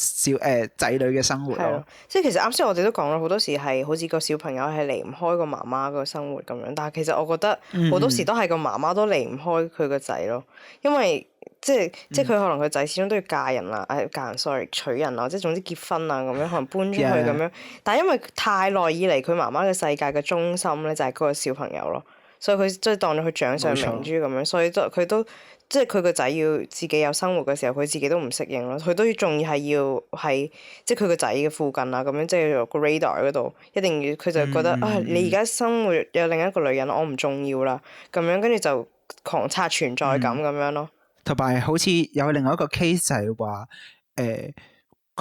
小誒仔、呃、女嘅生活咯，即係其實啱先我哋都講咗好多時係好似個小朋友係離唔開個媽媽個生活咁樣，但係其實我覺得好多時都係個媽媽都離唔開佢個仔咯，因為即係即係佢可能佢仔始終都要嫁人啦、嗯啊，嫁人 sorry 娶人啦，即係總之結婚啊咁樣，可能搬咗去咁樣，Yeah. 但係因為太耐以嚟佢媽媽嘅世界嘅中心咧就係嗰個小朋友咯，所以佢即係當咗佢掌上明珠咁樣，錯所以都佢都。即係佢個仔要自己有生活嘅時候，佢自己都唔適應咯。佢都仲要係要喺即係佢個仔嘅附近啊，咁樣即係個 radar 喺嗰度一定要。佢就覺得啊、嗯哎，你而家生活有另一個女人，我唔重要啦。咁樣跟住就狂刷存在感咁、嗯、樣咯。同埋好似有另外一個 case 就係話，誒、呃、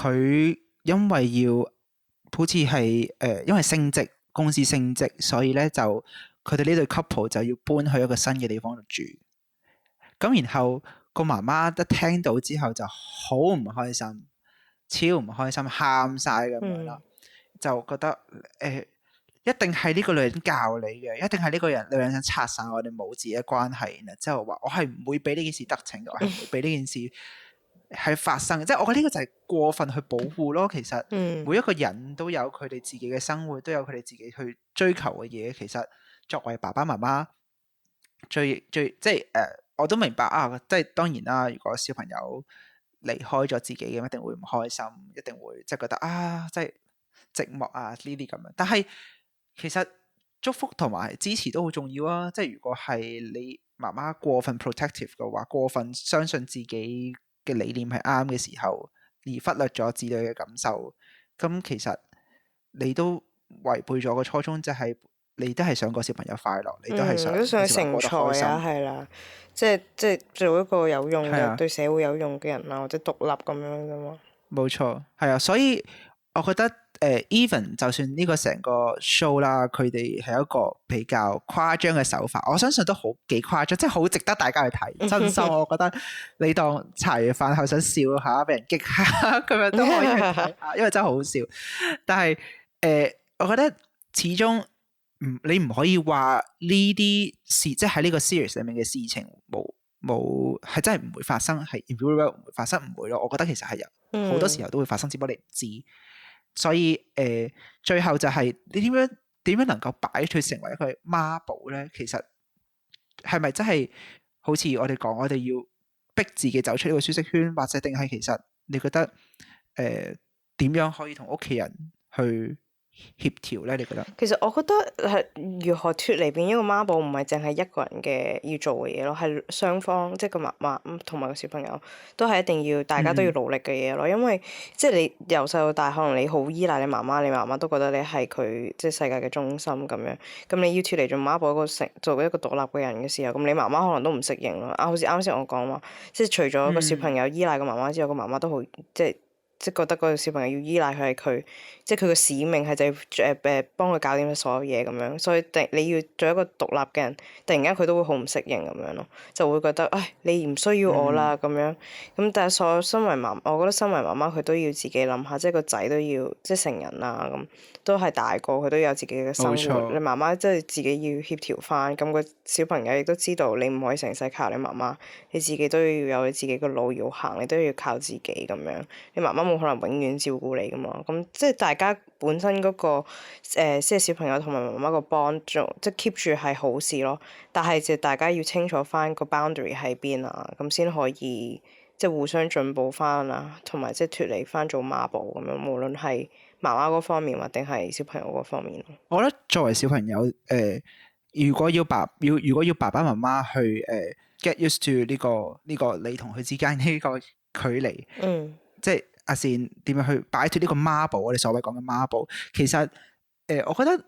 佢因為要好似係誒因為升職，公司升職，所以咧就佢哋呢對 couple 就要搬去一個新嘅地方住。咁然後個媽媽一聽到之後就好唔開心，超唔開心，喊晒咁樣啦，嗯、就覺得誒、呃，一定係呢個女人教你嘅，一定係呢個人女人想拆散我哋母子嘅關係。然之後話我係唔會俾呢件事得逞嘅，唔、嗯、會俾呢件事係發生。即係、嗯、我覺得呢個就係過分去保護咯。其實每一個人都有佢哋自己嘅生活，都有佢哋自己去追求嘅嘢。其實作為爸爸媽媽最，最最，最即係誒。呃我都明白啊，即係當然啦。如果小朋友離開咗自己嘅，一定會唔開心，一定會即係覺得啊，即係寂寞啊呢啲咁樣，但係其實祝福同埋支持都好重要啊。即係如果係你媽媽過分 protective 嘅話，過分相信自己嘅理念係啱嘅時候，而忽略咗子女嘅感受，咁其實，你都違背咗個初衷，即係。你都係想個小朋友快樂，你都係想佢、嗯、成才啊，係啦，即係即係做一個有用嘅，的對社會有用嘅人啊，或者獨立咁樣啫嘛。冇錯，係啊，所以我覺得誒，even 就算呢個成個 show 啦，佢哋係一個比較誇張嘅手法，我相信都好幾誇張，即係好值得大家去睇。 真心，我覺得你當茶餘飯後想笑下，俾人激下咁 樣都可以睇下， 因為真係好笑。但係誒、呃，我覺得始終。唔，你唔可以話呢啲事，即係喺呢個 series 上面嘅事情，冇冇係真係唔會發生，係 impossible 發生唔會咯。我覺得其實係有好、嗯、多時候都會發生，只不過你唔知。所以誒、呃，最後就係、是、你點樣點樣能夠擺脫成為一個媽寶咧？其實係咪真係好似我哋講，我哋要逼自己走出呢個舒適圈，或者定係其實你覺得誒點、呃、樣可以同屋企人去？協調呢，你覺得？其實我覺得係如何脫離變一個媽寶，唔係淨係一個人嘅要做嘅嘢咯，係雙方即個媽媽同埋個小朋友都係一定要大家都要努力嘅嘢咯。嗯、因為即你由細到大，可能你好依賴你媽媽，你媽媽都覺得你係佢即世界嘅中心咁樣。咁你要脫離做媽寶一個成做一個獨立嘅人嘅時候，咁你媽媽可能都唔適應咯。啊，好似啱先我講話，即除咗個小朋友依賴個媽媽之外，個、嗯、媽媽都好即即覺得個小朋友要依賴佢係佢。即佢個使命係就係誒誒幫佢搞掂咗所有嘢咁樣，所以第你要做一個獨立嘅人，突然間佢都會好唔適應咁樣咯，就會覺得唉，你唔需要我啦咁、嗯、樣。咁但係所有身為媽，我覺得身為媽媽佢都要自己諗下，即係個仔都要即係成人啦咁，都係大個佢都有自己嘅生活，錯你媽媽即係自己要協調翻。咁、那個小朋友亦都知道你唔可以成世靠你媽媽，你自己都要有你自己嘅路要行，你都要靠自己咁樣。你媽媽冇可能永遠照顧你㗎嘛，咁即係但家本身嗰，那個即係、呃、小朋友同埋媽媽個幫助，即係 keep 住係好事咯。但係就大家要清楚翻個 boundary 喺邊啊，咁先可以即係互相進步翻啊，同埋即係脫離翻做媽寶咁樣。無論係媽媽嗰方，方面，或定係小朋友嗰方面。我覺得作為小朋友誒、呃，如果要爸要，如果要爸爸媽媽去誒、呃、get used to 呢個呢個你同佢之間呢個距離，嗯，即係。阿善點樣去擺脱呢個媽寶？我哋所謂講嘅媽寶，其實誒、呃，我覺得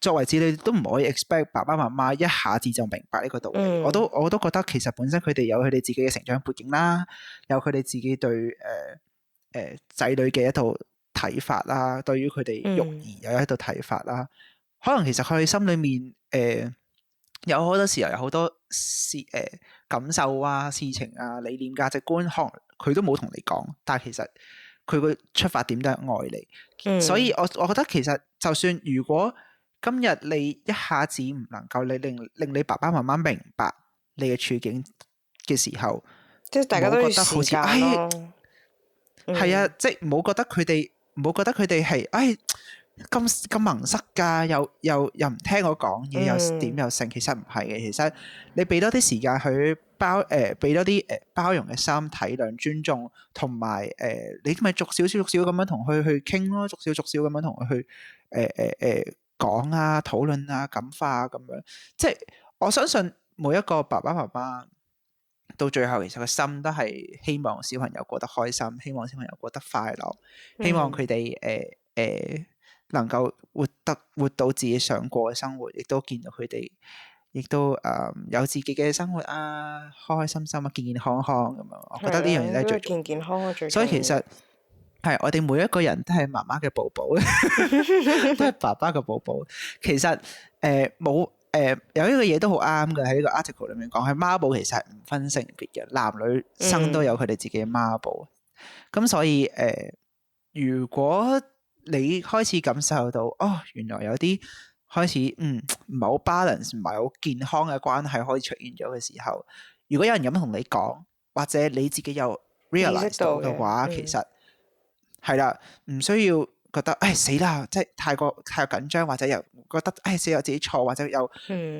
作為子女都唔可以 expect 爸爸媽媽一下子就明白呢個道理。嗯、我都我都覺得其實本身佢哋有佢哋自己嘅成長背景啦，有佢哋自己對誒誒仔女嘅一套睇法啦，對於佢哋育兒又有一套睇法啦。嗯、可能其實佢哋心裡面誒、呃、有好多時候有好多事誒、呃、感受啊、事情啊、理念、價值觀項。可能佢都冇同你講，但係其實佢個出發點都係愛你，嗯、所以我我覺得其實就算如果今日你一下子唔能夠你令令你爸爸媽媽明白你嘅處境嘅時候，即係大家都覺得好似，哎，係、嗯、啊，即、就、唔好、是、覺得佢哋唔好覺得佢哋係，哎。咁咁盲塞㗎，又又又唔聽我講嘢，又點又勝，其實唔係嘅。其實你俾多啲時間去包誒，俾、呃、多啲誒包容嘅心、體諒、尊重，同埋誒，你咪逐少少、逐少咁樣同佢去傾咯，逐少逐少咁樣同佢去誒誒誒講啊、討論啊、感化啊咁樣。即係我相信每一個爸爸媽媽到最後，其實個心都係希望小朋友過得開心，希望小朋友過得快樂，希望佢哋誒誒。呃呃呃呃能夠活得活到自己想過嘅生活，亦都見到佢哋，亦都誒、呃、有自己嘅生活啊，開開心心啊，健健康康咁樣，我覺得呢樣嘢係最重要健健康重要，我最所以其實係我哋每一個人都係媽媽嘅寶寶， 都係爸爸嘅寶寶。 其實誒冇誒有一個嘢都好啱嘅喺呢個 article 裏面講，係媽寶其實係唔分性別嘅，男女生都有佢哋自己嘅媽寶。咁、嗯、所以誒、呃、如果。你開始感受到哦，原來有啲開始嗯唔係好 balance，唔係好健康嘅關係可以出現咗嘅時候，如果有人咁同你講，或者你自己又 realize 到嘅話，其實係啦，唔需要覺得唉死啦，即係太過太緊張，或者又覺得唉死我自己錯，或者又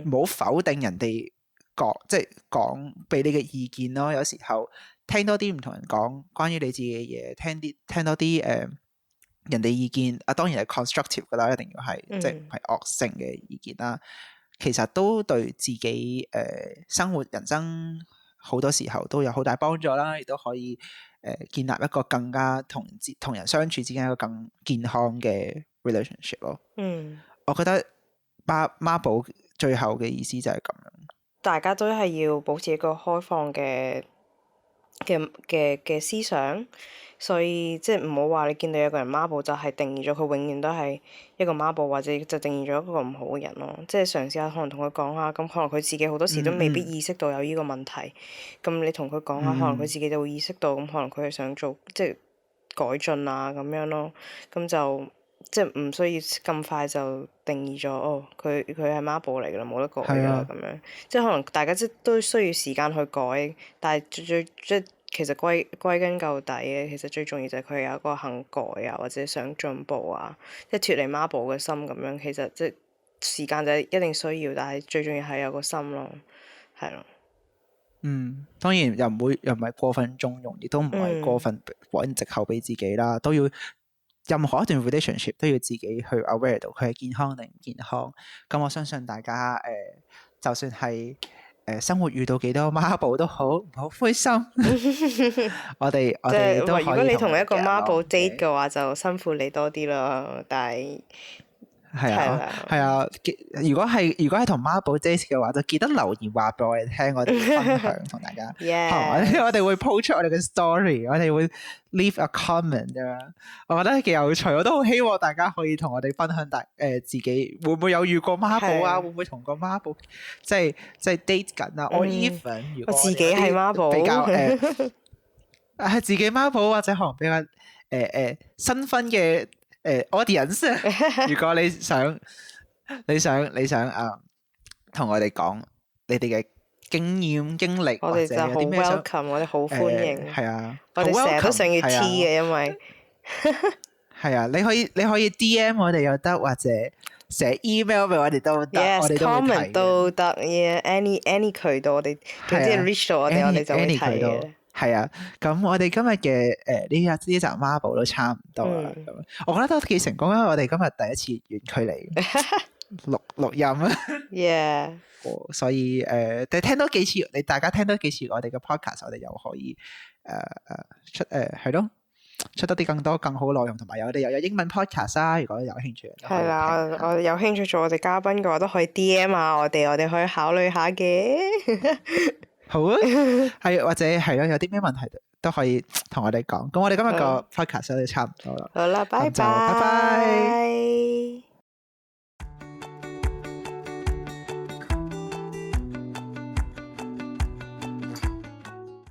唔好否定人哋講，嗯、即係講俾你嘅意見咯。有時候聽多啲唔同人講關於你自己嘅嘢，聽啲聽多啲誒。人哋意見啊，當然係 constructive 噶啦，一定要係、嗯、即係唔係惡性嘅意見啦。其實都對自己誒、呃、生活人生好多時候都有好大幫助啦，亦都可以誒、呃、建立一個更加同同人相處之間一個更健康嘅 relationship 咯。嗯，我覺得媽、媽寶最後嘅意思就係咁樣，大家都係要保持一個開放嘅嘅嘅嘅思想。所以即係唔好話你見到有個人媽寶就係定義咗佢永遠都係一個媽寶，或者就定義咗一個唔好嘅人咯。即係嘗試下可能同佢講下，咁可能佢自己好多時都未必意識到有呢個問題。咁、嗯、你同佢講下，嗯、可能佢自己就會意識到，咁可能佢係想做即係改進啊咁樣咯。咁就即係唔需要咁快就定義咗哦，佢佢係媽寶嚟噶啦，冇得改啦、啊、咁的樣。即係可能大家即都需要時間去改，但係最最即係。其實歸歸根究底咧，其實最重要就係佢有一個肯改啊，或者想進步啊，即係脫離媽寶嘅心咁樣。其實即係時間就一定需要，但係最重要係有個心咯、啊，係咯。嗯，當然又唔會又唔係過分縱容，亦都唔係過分揾藉口俾自己啦。嗯、都要任何一段 relationship 都要自己去 aware 到佢係健康定唔健康。咁我相信大家誒、呃，就算係。生活遇到幾多媽寶都好，唔好灰心。我哋我哋都可以，如果你同一個媽寶 date 嘅話，Okay. 就辛苦你多啲囉。但係係啊，係啊，啊！如果係如果係同媽寶 date 嘅話，就記得留言話俾我哋聽，我哋分享同 大家。Yes. 我哋會 post 出我哋嘅 story，我哋會 leave a comment 我覺得幾有趣，我都好希望大家可以同我哋分享大誒、呃、自己會唔會有遇過媽寶啊？是會唔會同 m 個媽寶即係即係 date 緊啊？Even、嗯、如果我，我自己係媽寶比較誒，係自己媽寶或者可能比較誒誒、呃呃呃、新婚嘅。誒，audience，如果你想，你想，你想誒，同我哋講你哋嘅經驗、經歷或者有啲咩想，我哋好歡迎，係啊，我哋成日都想要 T 嘅，因為係啊，你可以你可以 DM 我哋又得，或者寫 email 俾我哋都得，我哋 comment 都得嘅，any any 渠道我哋，即係 reach 到我哋我哋就睇嘅。係啊，咁我哋今日嘅誒呢一呢集媽寶都差唔多啦，咁、嗯、我覺得都幾成功啊！我哋今日第一次遠距離錄 錄，錄音啊耶 Yeah.、哦，所以誒，你、呃、聽多幾次，你大家聽多幾次我哋嘅 podcast，我哋又可以誒出誒係咯，出多啲、呃、更多更好內容，同埋有我哋又有英文 podcast 啦、啊。如果有興趣，係啦，我哋有興趣做我哋嘉賓嘅話，都可以 DM 啊我哋。 我哋，我哋可以考慮下嘅。 好啊，係 或者係咯，有啲咩問題都可以同我哋講。咁我哋今日個 podcast 都好差唔多啦。好啦，拜拜。